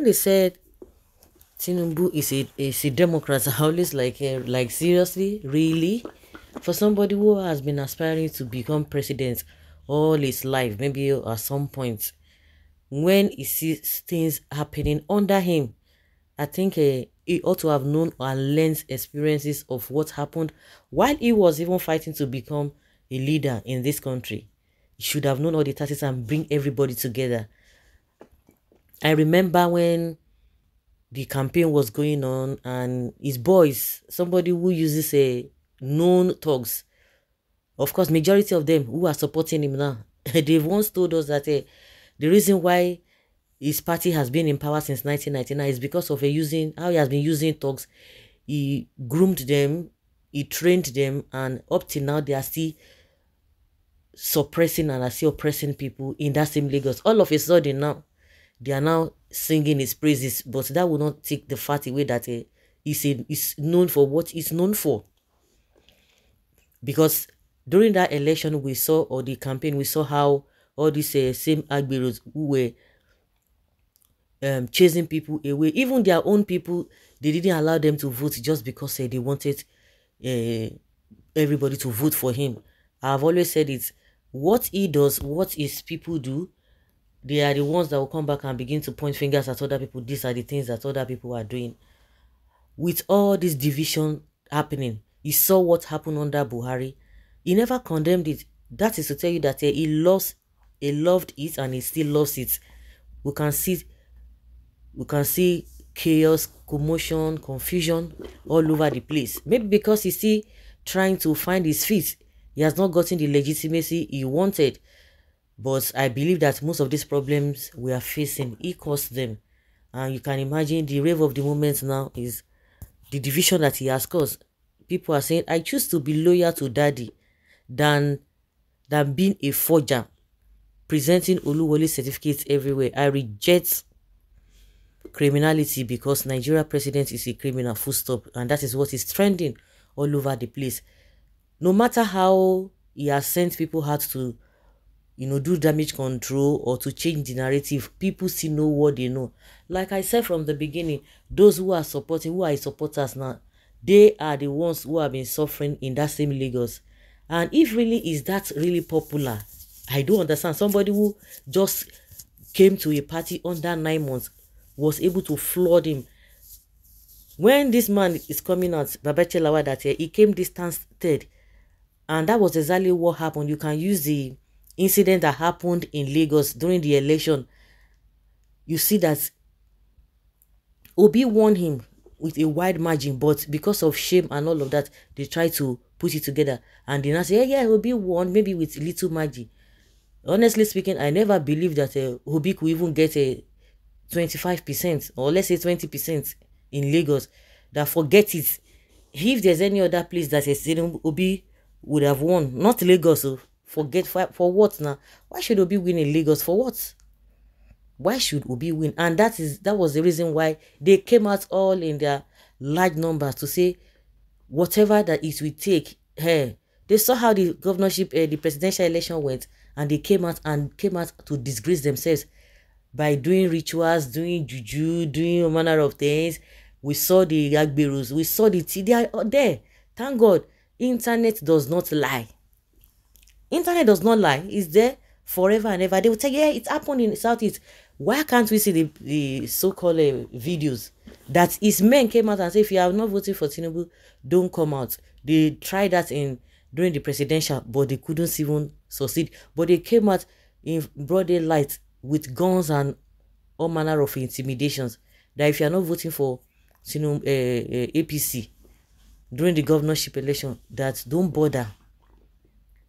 when they said Tinubu is a is a Democrat, I always like eh, like seriously, really, for somebody who has been aspiring to become president all his life, maybe at some point, when he sees things happening under him, I think uh, he ought to have known and learned experiences of what happened while he was even fighting to become a leader in this country. He should have known all the tactics and bring everybody together I remember when the campaign was going on and his boys, somebody who uses a known thugs, of course, majority of them who are supporting him now, they've once told us that uh, the reason why his party has been in power since 1999 is because of using how he has been using thugs. He groomed them, he trained them, and up till now they are still suppressing and are still oppressing people in that same Lagos. All of a sudden now, they are now singing his praises, but that will not take the fact away that uh, eh, he's, a, he's known for what he's known for. Because during that election we saw, or the campaign, we saw how all these uh, same Agberos who were um, chasing people away, even their own people, they didn't allow them to vote just because uh, they wanted uh, everybody to vote for him. I've always said it, what he does, what his people do, they are the ones that will come back and begin to point fingers at other people. These are the things that other people are doing. With all this division happening, you saw what happened under Buhari. He never condemned it. That is to tell you that he loves, he loved it and he still loves it. We can see, we can see chaos, commotion, confusion all over the place. Maybe because he's still trying to find his feet. He has not gotten the legitimacy he wanted. But I believe that most of these problems we are facing, he caused them. And you can imagine the rave of the moment now is the division that he has caused. People are saying, I choose to be loyal to daddy than, than being a forger, presenting Oluwole certificates everywhere. I reject criminality because Nigeria president is a criminal, full stop. And that is what is trending all over the place. No matter how he has sent people out to you know, do damage control or to change the narrative. People see know what they know. Like I said from the beginning, those who are supporting, who are supporters now, they are the ones who have been suffering in that same Lagos. And if really is that really popular, I do understand. Somebody who just came to a party under nine months was able to flood him. When this man is coming out, Babache that year, he came distance third. And that was exactly what happened. You can use the incident that happened in Lagos during the election, you see that Obi won him with a wide margin, but because of shame and all of that, they tried to put it together. And then I say, yeah, yeah, Obi won, maybe with little margin. Honestly speaking, I never believed that uh, Obi could even get a 25% or let's say 20% in Lagos. That forget it. If there's any other place that a Obi would have won, not Lagos, oh forget for, for what now? Why should Obi win in Lagos? For what? Why should Obi win? And that is that was the reason why they came out all in their large numbers to say whatever that it will take. Hey, eh, they saw how the governorship, uh, the presidential election went, and they came out and came out to disgrace themselves by doing rituals, doing juju, doing all manner of things. We saw the Agberos, we saw the TDI. they are there. Thank God, internet does not lie. Internet does not lie. It's there forever and ever. They will tell you, yeah, it happened in Southeast. Why can't we see the, the so-called uh, videos that his men came out and say, if you are not voting for Tinubu, don't come out. They tried that in during the presidential, but they couldn't even succeed. But they came out in broad daylight with guns and all manner of intimidations that if you are not voting for Tinubu, uh, eh, uh, eh, APC during the governorship election, that don't bother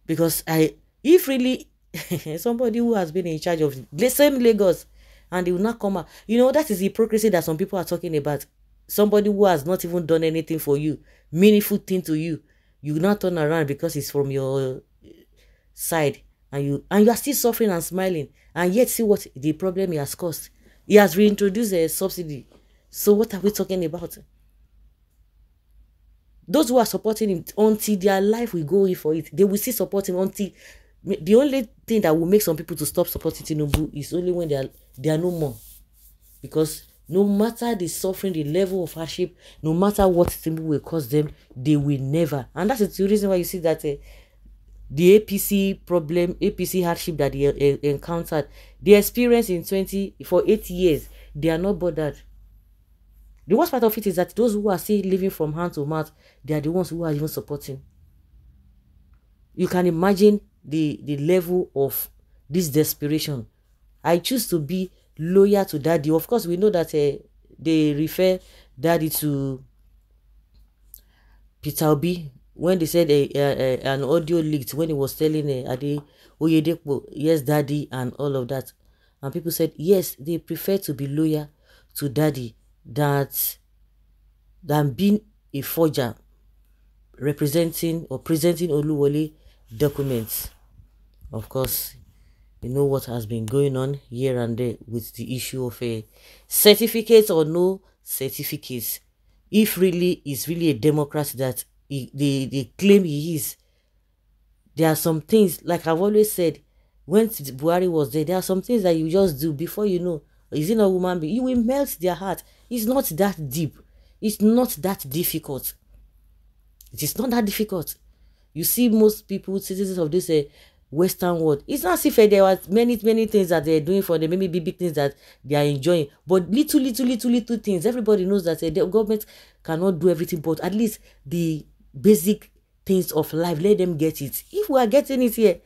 because I if really somebody who has been in charge of the same Lagos and they will not come out. You know, that is hypocrisy that some people are talking about. Somebody who has not even done anything for you, meaningful thing to you, you not turn around because it's from your side and you and you are still suffering and smiling and yet see what the problem he has caused. He has reintroduced a subsidy. So what are we talking about? those who are supporting him until their life will go in for it they will still support him until the only thing that will make some people to stop supporting tinubu is only when they are they are no more because no matter the suffering the level of hardship no matter what tinubu will cause them they will never and that's the reason why you see that uh, the apc problem apc hardship that they uh, encountered the experience in 20 for eight years they are not bothered The worst part of it is that those who are still living from hand to mouth, they are the ones who are even supporting. You can imagine the, the level of this desperation. I choose to be loyal to daddy. Of course, we know that uh, they refer daddy to Peter Obi when they said a, eh, a, eh, an audio leaked when he was telling uh, Ade Oyedepo, yes, daddy, and all of that. And people said, yes, they prefer to be loyal to daddy that than being a forger representing or presenting Oluwole documents. Of course, you know what has been going on here and there with the issue of a certificate or no certificates. If really is really a democrat that he, they, they claim he is, there are some things, like I've always said, when Buhari was there, there are some things that you just do before you know Is he not woman being? You will melt their heart. It's not that deep. It's not that difficult. It is not that difficult. You see most people, citizens of this uh, Western world, it's not as if uh, there were many, many things that they're doing for them, maybe big, big things that they are enjoying. But little, little, little, little things. Everybody knows that uh, the government cannot do everything, but at least the basic things of life, let them get it. If we are getting it here,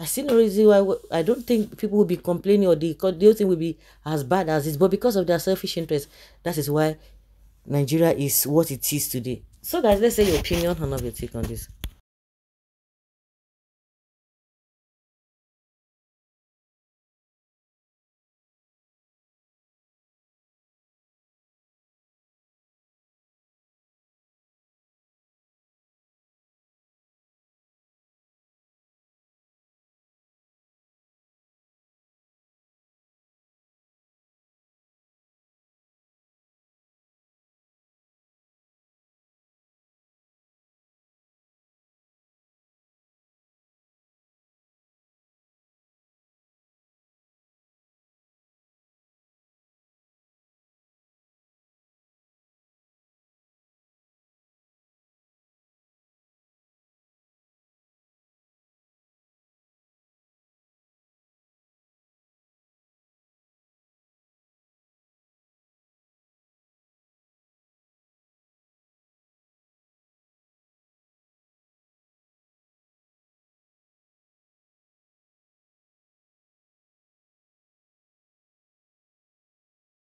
I see no reason why I don't think people will be complaining or the, the whole thing will be as bad as this, but because of their selfish interest, that is why Nigeria is what it is today. So, guys, let's say your opinion on your take on this.